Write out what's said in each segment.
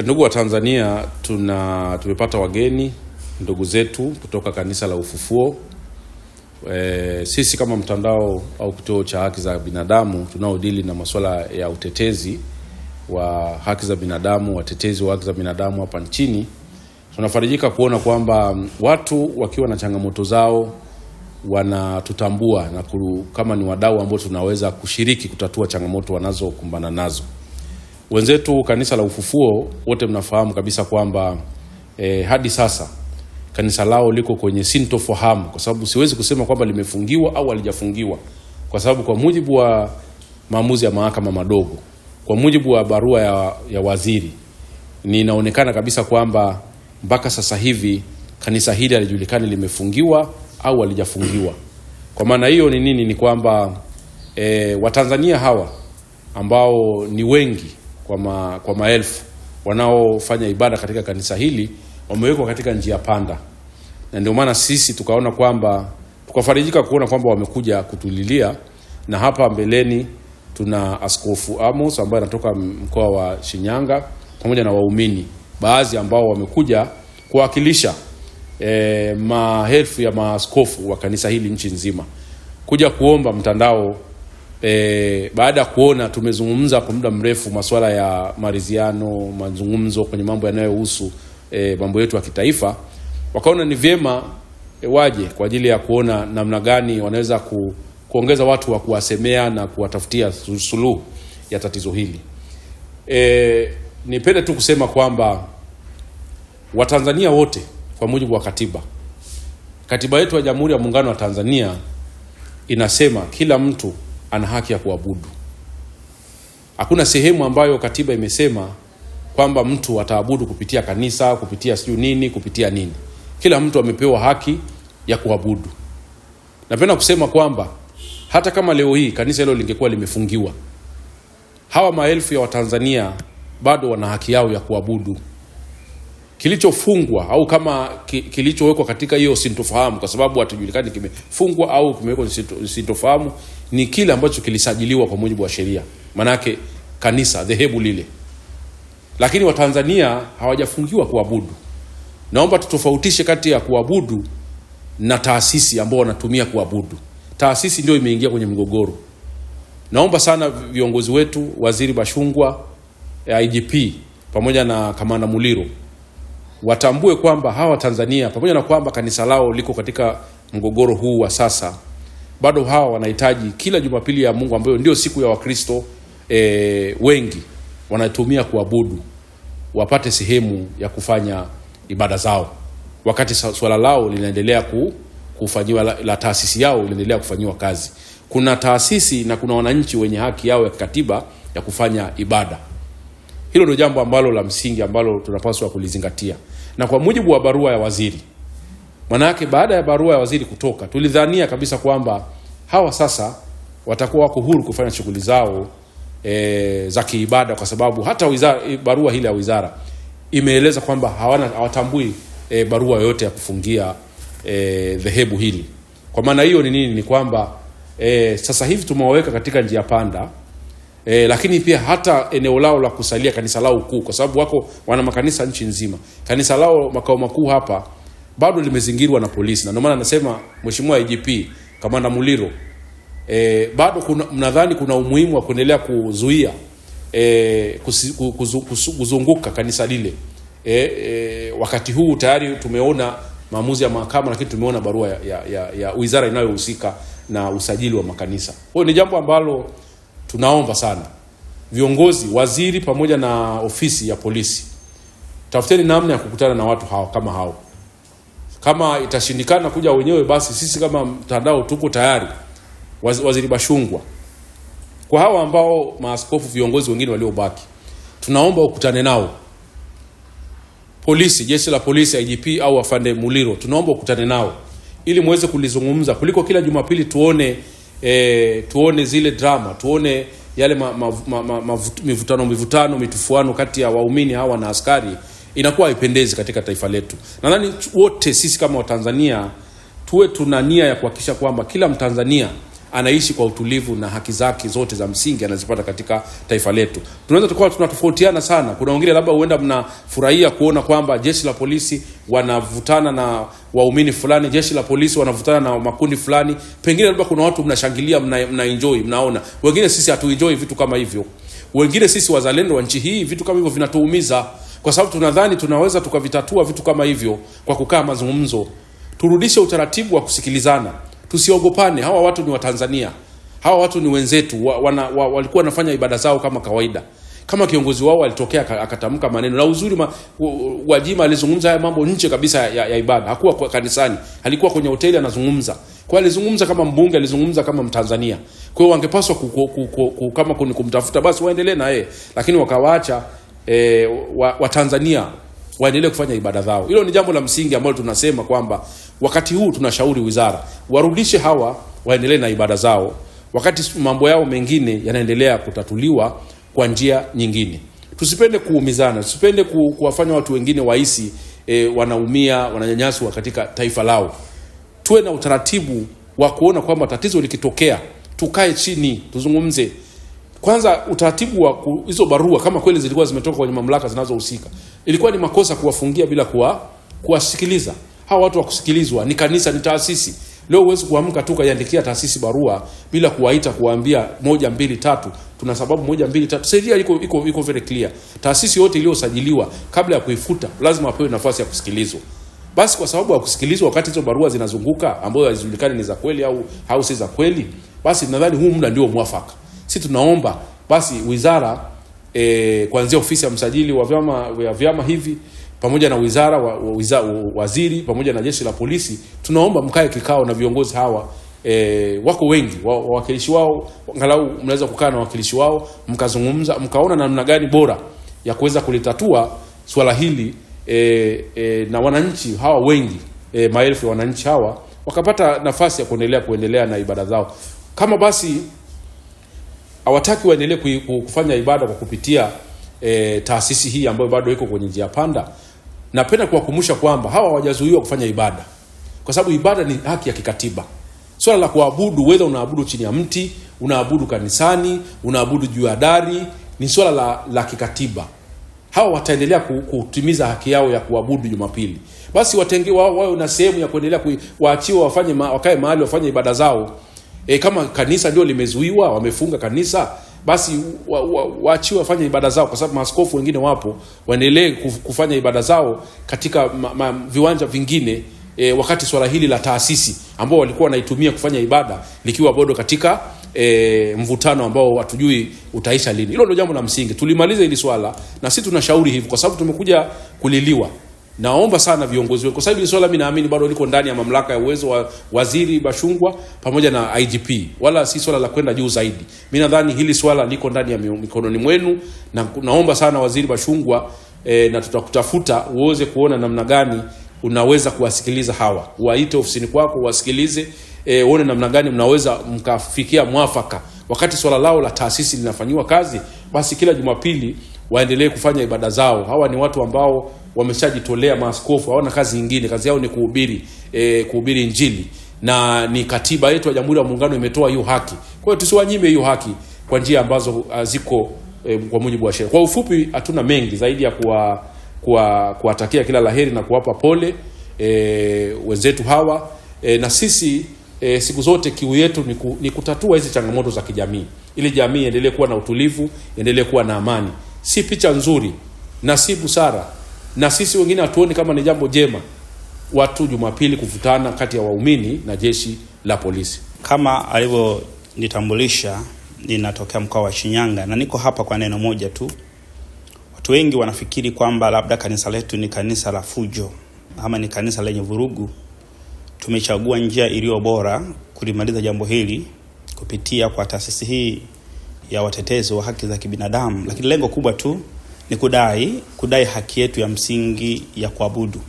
Eh, ndugu wa Tanzania, tuna tumepata wageni ndugu zetu kutoka kanisa la Ufufuo. E, sisi kama mtandao au kituo cha haki za binadamu tunaodili na masuala ya utetezi wa haki za binadamu, watetezi wa haki za binadamu hapa nchini, tunafarijika kuona kwamba mm, watu wakiwa na changamoto zao wanatutambua na kama ni wadau ambao tunaweza kushiriki kutatua changamoto wanazokumbana nazo. Wenzetu kanisa la Ufufuo wote mnafahamu kabisa kwamba eh, hadi sasa kanisa lao liko kwenye sintofahamu, kwa sababu siwezi kusema kwamba limefungiwa au halijafungiwa, kwa sababu kwa mujibu wa maamuzi ya mahakama madogo, kwa mujibu wa barua ya, ya waziri, ninaonekana kabisa kwamba mpaka sasa hivi kanisa hili halijulikani limefungiwa au halijafungiwa. Kwa maana hiyo ni nini? Ni kwamba e, Watanzania hawa ambao ni wengi kwa, ma, kwa maelfu wanaofanya ibada katika kanisa hili wamewekwa katika njia panda, na ndio maana sisi tukaona kwamba tukafarijika kuona kwamba wamekuja kutulilia, na hapa mbeleni tuna Askofu Amos ambaye anatoka mkoa wa Shinyanga pamoja na waumini baadhi ambao wamekuja kuwakilisha e, maelfu ya maaskofu wa kanisa hili nchi nzima kuja kuomba mtandao E, baada ya kuona tumezungumza kwa muda mrefu masuala ya maridhiano, mazungumzo kwenye mambo yanayohusu e, mambo yetu ya kitaifa, wakaona ni vyema e, waje kwa ajili ya kuona namna gani wanaweza ku, kuongeza watu wa kuwasemea na kuwatafutia suluhu ya tatizo hili. E, nipende tu kusema kwamba Watanzania wote kwa mujibu wa katiba, katiba yetu ya Jamhuri ya Muungano wa Tanzania inasema kila mtu ana haki ya kuabudu. Hakuna sehemu ambayo katiba imesema kwamba mtu ataabudu kupitia kanisa, kupitia siju nini, kupitia nini. Kila mtu amepewa haki ya kuabudu. Napenda kusema kwamba hata kama leo hii kanisa hilo lingekuwa limefungiwa, hawa maelfu ya Watanzania bado wana haki yao ya kuabudu. Kilichofungwa au kama kilichowekwa katika hiyo sintofahamu, kwa sababu hatujulikani kimefungwa au kimewekwa sintofahamu, ni kile ambacho kilisajiliwa kwa mujibu wa sheria maanake kanisa dhehebu lile lakini watanzania hawajafungiwa kuabudu naomba tutofautishe kati ya kuabudu na taasisi ambao wanatumia kuabudu taasisi ndio imeingia kwenye mgogoro naomba sana viongozi wetu waziri bashungwa eh, igp pamoja na kamanda muliro watambue kwamba hawa tanzania pamoja na kwamba kanisa lao liko katika mgogoro huu wa sasa bado hawa wanahitaji kila Jumapili ya Mungu ambayo ndio siku ya Wakristo e, wengi wanatumia kuabudu, wapate sehemu ya kufanya ibada zao, wakati swala lao linaendelea ku, kufanyiwa la, la taasisi yao linaendelea kufanyiwa kazi. Kuna taasisi na kuna wananchi wenye haki yao ya kikatiba ya kufanya ibada. Hilo ndio jambo ambalo la msingi ambalo tunapaswa kulizingatia, na kwa mujibu wa barua ya waziri Manake baada ya barua ya waziri kutoka, tulidhania kabisa kwamba hawa sasa watakuwa wako huru kufanya shughuli zao e, za kiibada, kwa sababu hata wizara, e, barua hile ya wizara imeeleza kwamba hawana hawatambui e, barua yoyote ya kufungia e, dhehebu hili. Kwa maana hiyo ni nini? Ni kwamba e, sasa hivi tumewaweka katika njia panda e, lakini pia hata eneo lao la kusalia kanisa lao kuu, kwa sababu wako wana makanisa nchi nzima, kanisa lao makao makuu hapa bado limezingirwa na polisi, na ndio maana anasema Mheshimiwa IGP Kamanda Muliro e, bado kuna, mnadhani kuna umuhimu wa kuendelea kuzuia e, kuzunguka kanisa lile e, e, wakati huu tayari tumeona maamuzi ya mahakama, lakini tumeona barua ya, ya, ya wizara inayohusika na usajili wa makanisa. Kwa ni jambo ambalo tunaomba sana viongozi, waziri pamoja na ofisi ya polisi, tafuteni namna ya kukutana na watu hawa kama hao. Kama itashindikana kuja wenyewe, basi sisi kama mtandao tuko tayari. Waz, Waziri Bashungwa, kwa hawa ambao maaskofu, viongozi wengine waliobaki, tunaomba ukutane nao. Polisi, jeshi la polisi, IGP au afande Muliro, tunaomba ukutane nao ili muweze kulizungumza kuliko kila Jumapili tuone e, tuone zile drama, tuone yale ma, ma, ma, ma, mivutano mivutano mitufuano kati ya waumini hawa na askari inakuwa haipendezi katika taifa letu. Nadhani wote sisi kama Watanzania tuwe tuna nia ya kuhakikisha kwamba kila Mtanzania anaishi kwa utulivu na haki zake zote za msingi anazipata katika taifa letu. Tunaweza tukawa tunatofautiana sana. Kuna wengine labda huenda mnafurahia kuona kwamba jeshi la polisi wanavutana na waumini fulani, jeshi la polisi wanavutana na makundi fulani. Pengine labda kuna watu mnashangilia, mna, mna mnaona. Wengine sisi hatuenjoi vitu kama hivyo. Wengine sisi wazalendo wa nchi hii vitu kama hivyo vinatuumiza kwa sababu tunadhani tunaweza tukavitatua vitu kama hivyo kwa kukaa mazungumzo. Turudishe utaratibu wa kusikilizana, tusiogopane. Hawa watu ni Watanzania, hawa watu ni wenzetu wa, wana, wa, walikuwa wanafanya ibada zao kama kawaida. Kama kiongozi wao alitokea akatamka maneno na uzuri ma, wajima alizungumza haya mambo nje kabisa ya, ya, ibada, hakuwa kwa kanisani, alikuwa kwenye hoteli anazungumza kwa alizungumza kama mbunge, alizungumza kama Mtanzania. Kwa hiyo wangepaswa kama kuni kumtafuta basi waendelee na yeye, lakini wakawaacha e, Watanzania wa waendelee kufanya ibada zao. Hilo ni jambo la msingi ambalo tunasema kwamba wakati huu tunashauri wizara warudishe hawa waendelee na ibada zao, wakati mambo yao mengine yanaendelea kutatuliwa kwa njia nyingine. Tusipende kuumizana, tusipende ku, kuwafanya watu wengine wahisi e, wanaumia wananyanyaswa katika taifa lao. Tuwe na utaratibu wa kuona kwamba tatizo likitokea tukae chini tuzungumze. Kwanza utaratibu wa hizo barua kama kweli zilikuwa zimetoka kwenye mamlaka zinazohusika, ilikuwa ni makosa kuwafungia bila kuwa kuwasikiliza hawa watu. wakusikilizwa ni kanisa, ni taasisi. Leo huwezi kuamka tu kaiandikia taasisi barua bila kuwaita, kuwaambia moja mbili tatu, tuna sababu moja mbili tatu. Sheria iko iko iko very clear. Taasisi yote iliyosajiliwa kabla ya kuifuta lazima apewe nafasi ya kusikilizwa. Basi kwa sababu ya kusikilizwa, wakati hizo barua zinazunguka ambayo hazijulikani ni za kweli au au si za kweli, basi nadhani huu muda ndio mwafaka si tunaomba basi wizara e, kuanzia ofisi ya msajili wa vyama vya vyama hivi pamoja na wizara wa, wa, waziri pamoja na jeshi la polisi, tunaomba mkae kikao na viongozi hawa e, wako wengi wawakilishi wao, angalau mnaweza kukaa na wawakilishi wao mkazungumza, mkaona namna gani bora ya kuweza kulitatua swala hili e, e, na wananchi hawa wengi e, maelfu ya wananchi hawa wakapata nafasi ya kuendelea kuendelea na ibada zao kama basi hawataki waendelee kufanya ibada kwa kupitia e, taasisi hii ambayo bado iko kwenye njia panda. Napenda kuwakumbusha kwamba hawa hawajazuiwa kufanya ibada, kwa sababu ibada ni haki ya kikatiba. Swala la kuabudu, wedha unaabudu chini ya mti, unaabudu kanisani, unaabudu juu ya dari, ni swala la, la kikatiba. Hawa wataendelea kutimiza haki yao ya kuabudu Jumapili, basi watengewe wao, wawe na sehemu ya kuendelea, waachiwe wafanye, wakae mahali wafanye ibada zao. E, kama kanisa ndio limezuiwa, wamefunga kanisa, basi waachiwe wa, wa, wafanye ibada zao, kwa sababu maaskofu wengine wapo, waendelee kufanya ibada zao katika ma, ma, viwanja vingine e, wakati swala hili la taasisi ambao walikuwa wanaitumia kufanya ibada likiwa bado katika e, mvutano ambao hatujui utaisha lini. Hilo ndio jambo la msingi, tulimaliza hili swala, na sisi tunashauri hivi kwa sababu tumekuja kuliliwa. Naomba sana viongozi wetu, kwa sababu hili swala mimi naamini bado liko ndani ya mamlaka ya uwezo wa Waziri Bashungwa pamoja na IGP, wala si swala la kwenda juu zaidi. Mimi nadhani hili swala liko ndani ya mikononi mwenu, na naomba sana Waziri Bashungwa e, na tutakutafuta uweze kuona namna gani unaweza kuwasikiliza hawa, waite ofisini kwako, uwasikilize e, uone namna gani mnaweza mkafikia mwafaka, wakati swala lao la taasisi linafanyiwa kazi, basi kila Jumapili waendelee kufanya ibada zao. Hawa ni watu ambao wameshajitolea, maaskofu hawana kazi nyingine, kazi yao ni kuhubiri e, kuhubiri Injili na ni katiba yetu ya Jamhuri ya Muungano imetoa hiyo haki. Kwa hiyo tusiwanyime hiyo haki kwa njia ambazo ah, ziko e, kwa mujibu wa sheria. Kwa ufupi, hatuna mengi zaidi ya kuwa kuwatakia kila laheri na kuwapa pole e, wenzetu hawa e, na sisi e, siku zote kiu yetu ni, ku, ni kutatua hizi changamoto za kijamii ili jamii iendelee kuwa na utulivu, iendelee kuwa na amani si picha nzuri na si busara, na sisi wengine hatuoni kama ni jambo jema watu Jumapili kuvutana kati ya waumini na jeshi la polisi. Kama alivyonitambulisha, ninatokea mkoa wa Shinyanga na niko hapa kwa neno moja tu. Watu wengi wanafikiri kwamba labda kanisa letu ni kanisa la fujo ama ni kanisa lenye vurugu. Tumechagua njia iliyo bora kulimaliza jambo hili kupitia kwa taasisi hii ya watetezi wa haki za kibinadamu, lakini lengo kubwa tu ni kudai kudai haki yetu ya msingi ya kuabudu.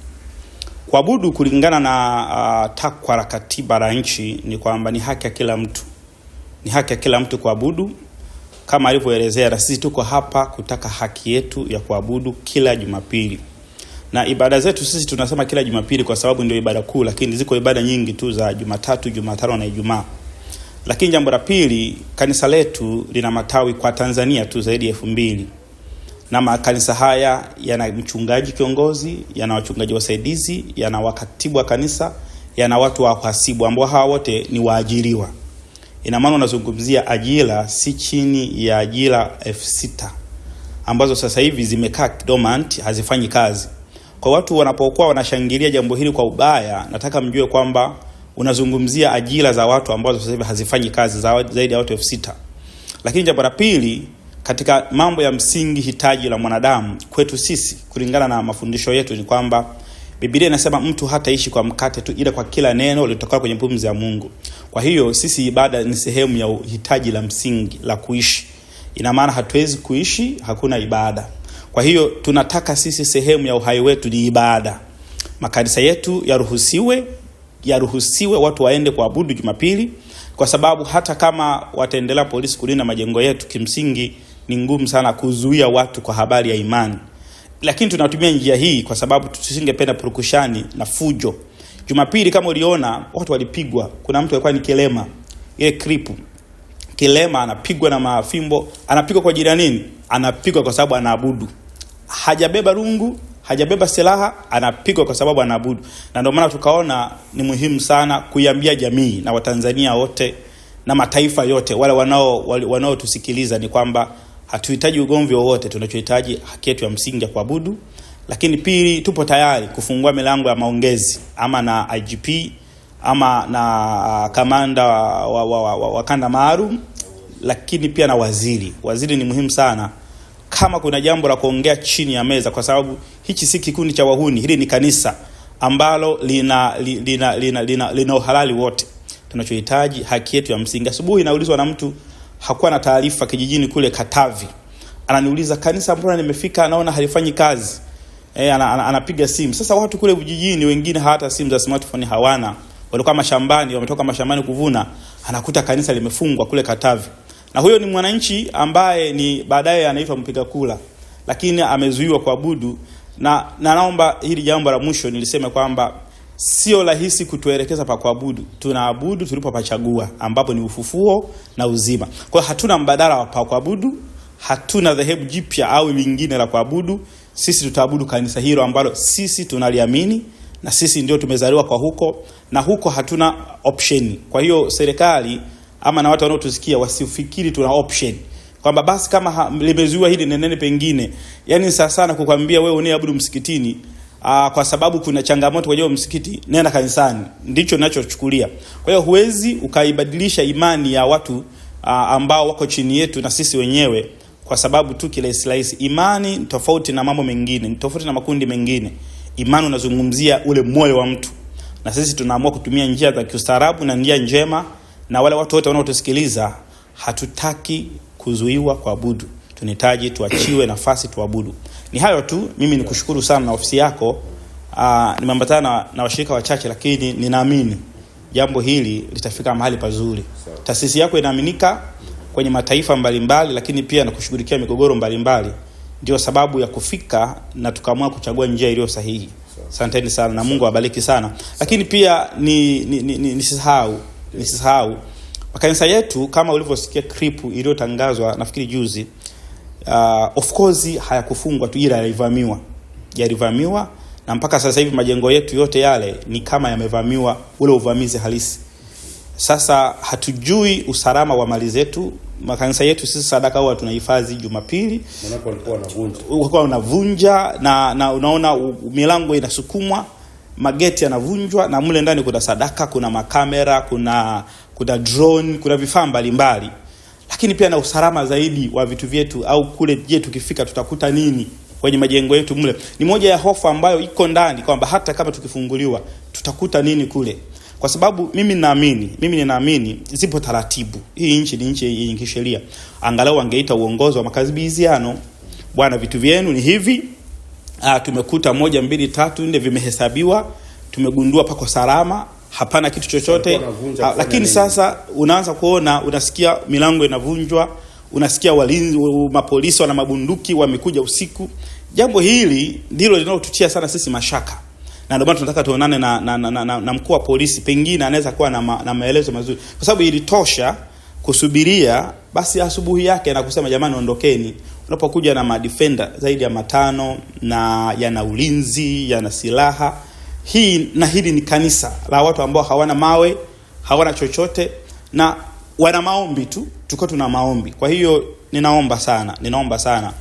Kuabudu kulingana na uh, takwa la katiba la nchi ni kwamba ni haki ya kila mtu, ni haki ya kila mtu kuabudu kama alivyoelezea. Na sisi tuko hapa kutaka haki yetu ya kuabudu kila Jumapili, na ibada zetu sisi tunasema kila Jumapili kwa sababu ndio ibada kuu, lakini ziko ibada nyingi tu za Jumatatu, Jumatano na Ijumaa. Lakini jambo la pili, kanisa letu lina matawi kwa Tanzania tu zaidi ya elfu mbili na makanisa haya yana mchungaji kiongozi, yana wachungaji wasaidizi, yana wakatibu wa kanisa, yana watu wa kuhasibu ambao hawa wote ni waajiriwa. Ina maana unazungumzia ajira si chini ya ajira elfu sita ambazo sasa hivi zimekaa dormant, hazifanyi kazi. Kwa watu wanapokuwa wanashangilia jambo hili kwa ubaya, nataka mjue kwamba unazungumzia ajira za watu ambazo sasa hivi hazifanyi kazi za zaidi ya watu elfu sita. Lakini jambo la pili, katika mambo ya msingi hitaji la mwanadamu kwetu sisi kulingana na mafundisho yetu ni kwamba Biblia inasema mtu hataishi kwa mkate tu, ila kwa kila neno lilitoka kwenye pumzi ya Mungu. Kwa hiyo sisi, ibada ni sehemu ya hitaji la msingi la kuishi. Ina maana hatuwezi kuishi hakuna ibada. Kwa hiyo tunataka sisi, sehemu ya uhai wetu ni ibada. Makanisa yetu yaruhusiwe yaruhusiwe watu waende kuabudu Jumapili, kwa sababu hata kama wataendelea polisi kulinda majengo yetu, kimsingi ni ngumu sana kuzuia watu kwa habari ya imani. Lakini tunatumia njia hii kwa sababu tusingependa purukushani na fujo. Jumapili kama uliona watu walipigwa, kuna mtu alikuwa ni kilema, ile kripu kilema anapigwa na maafimbo, anapigwa kwa ajili ya nini? Anapigwa kwa sababu anaabudu, hajabeba rungu, hajabeba silaha anapigwa kwa sababu anaabudu. Na ndio maana tukaona ni muhimu sana kuiambia jamii na Watanzania wote na mataifa yote wale wanao wanaotusikiliza ni kwamba hatuhitaji ugomvi wowote, tunachohitaji haki yetu ya msingi ya kuabudu. Lakini pili, tupo tayari kufungua milango ya maongezi ama na IGP ama na uh, kamanda wa, wa, wa, wa, wa kanda maalum, lakini pia na waziri. Waziri ni muhimu sana kama kuna jambo la kuongea chini ya meza, kwa sababu hichi si kikundi cha wahuni. Hili ni kanisa ambalo lina lina lina, lina, lina, lina uhalali wote. Tunachohitaji haki yetu ya msingi. Asubuhi naulizwa na mtu hakuwa na taarifa, kijijini kule Katavi, ananiuliza kanisa, mbona nimefika naona halifanyi kazi eh, ana, ana, anapiga simu. Sasa watu kule vijijini wengine hata simu za smartphone hawana, walikuwa mashambani, wametoka mashambani kuvuna, anakuta kanisa limefungwa kule Katavi na huyo ni mwananchi ambaye ni baadaye anaitwa mpiga kula, lakini amezuiwa kuabudu. Na, na naomba hili jambo la mwisho niliseme kwamba sio rahisi kutuelekeza pa kuabudu. Tunaabudu tulipopachagua ambapo ni ufufuo na uzima. Kwa hatuna mbadala wa pa kuabudu, hatuna dhehebu jipya au lingine la kuabudu. Sisi tutaabudu kanisa hilo ambalo sisi tunaliamini na sisi ndio tumezaliwa kwa huko, na huko hatuna option. Kwa hiyo serikali ama na watu wanaotusikia wasifikiri tuna option kwamba basi kama limezuiwa hili nenene pengine. yani sasa sana kukwambia wewe unaiabudu msikitini aa, ah, kwa sababu kuna changamoto kwenye msikiti, nenda kanisani. Ndicho ninachochukulia. Kwa hiyo huwezi ukaibadilisha imani ya watu aa, ah, ambao wako chini yetu na sisi wenyewe kwa sababu tu kirahisi rahisi. Imani tofauti na mambo mengine, tofauti na makundi mengine. Imani unazungumzia ule moyo wa mtu, na sisi tunaamua kutumia njia za kiustaarabu na njia njema na wale watu wote wanaotusikiliza, hatutaki kuzuiwa kuabudu, tunahitaji tuachiwe nafasi tuabudu. Ni hayo tu, mimi nikushukuru sana na ofisi yako. Ah, nimeambatana na washirika wachache, lakini ninaamini jambo hili litafika mahali pazuri. Taasisi yako inaaminika kwenye mataifa mbalimbali mbali, lakini pia na kushughulikia migogoro mbalimbali ndio sababu ya kufika na tukaamua kuchagua njia iliyo sahihi. Asanteni sana na Mungu awabariki sana, lakini pia ni, ni, ni, ni, nisisahau makanisa yetu kama ulivyosikia kripu iliyotangazwa nafikiri juzi. Uh, of course hayakufungwa tu, ila yalivamiwa, yalivamiwa na mpaka sasa hivi majengo yetu yote yale ni kama yamevamiwa, ule uvamizi halisi. Sasa hatujui usalama wa mali zetu. Makanisa yetu sisi sadaka huwa tunahifadhi Jumapili, walikuwa wanavunja na, na unaona milango inasukumwa mageti yanavunjwa na mle ndani kuna sadaka, kuna makamera, kuna kuna drone, kuna vifaa mbalimbali, lakini pia na usalama zaidi wa vitu vyetu, au kule, je, tukifika tutakuta nini kwenye majengo yetu mle? Ni moja ya hofu ambayo iko ndani kwamba hata kama tukifunguliwa tutakuta nini kule, kwa sababu mimi naamini, mimi ninaamini zipo taratibu. Hii nchi ni nchi yenye kisheria, angalau wangeita uongozi wa makabiliziano, bwana, vitu vyenu ni hivi uh, tumekuta moja mbili tatu nne vimehesabiwa, tumegundua pako salama, hapana kitu chochote uh, lakini sasa unaanza kuona, unasikia milango inavunjwa, unasikia walinzi, mapolisi wana mabunduki wamekuja usiku. Jambo hili ndilo linalotutia sana sisi mashaka na ndio maana tunataka tuonane na, na, na, na, na, na mkuu wa polisi, pengine anaweza kuwa na, ma, na maelezo mazuri, kwa sababu ilitosha kusubiria basi asubuhi yake na kusema jamani, ondokeni unapokuja na madefender zaidi ya matano na yana ulinzi, yana silaha hii, na hili ni kanisa la watu ambao hawana mawe, hawana chochote na wana maombi tu, tuko tuna maombi. Kwa hiyo ninaomba sana, ninaomba sana,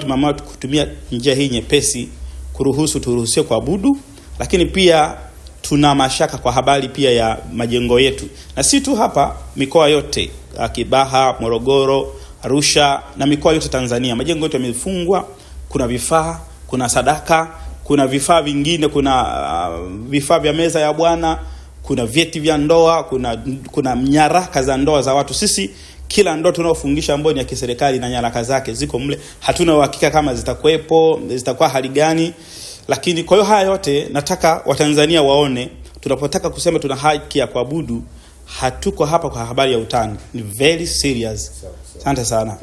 tumeamua kutumia njia hii nyepesi kuruhusu turuhusiwe kuabudu, lakini pia tuna mashaka kwa habari pia ya majengo yetu, na si tu hapa, mikoa yote Kibaha, Morogoro Arusha na mikoa yote Tanzania. Majengo yote yamefungwa, kuna vifaa, kuna sadaka, kuna vifaa vingine, kuna uh, vifaa vya meza ya Bwana, kuna vyeti vya ndoa, kuna kuna nyaraka za ndoa za watu. Sisi kila ndoa tunaofungisha ambayo ni ya kiserikali na nyaraka zake ziko mle, hatuna uhakika kama zitakuwepo, zitakuwa hali gani, lakini kwa hiyo haya yote nataka Watanzania waone tunapotaka kusema tuna haki ya kuabudu, hatuko hapa kwa habari ya utani. Ni very serious. Asante sana.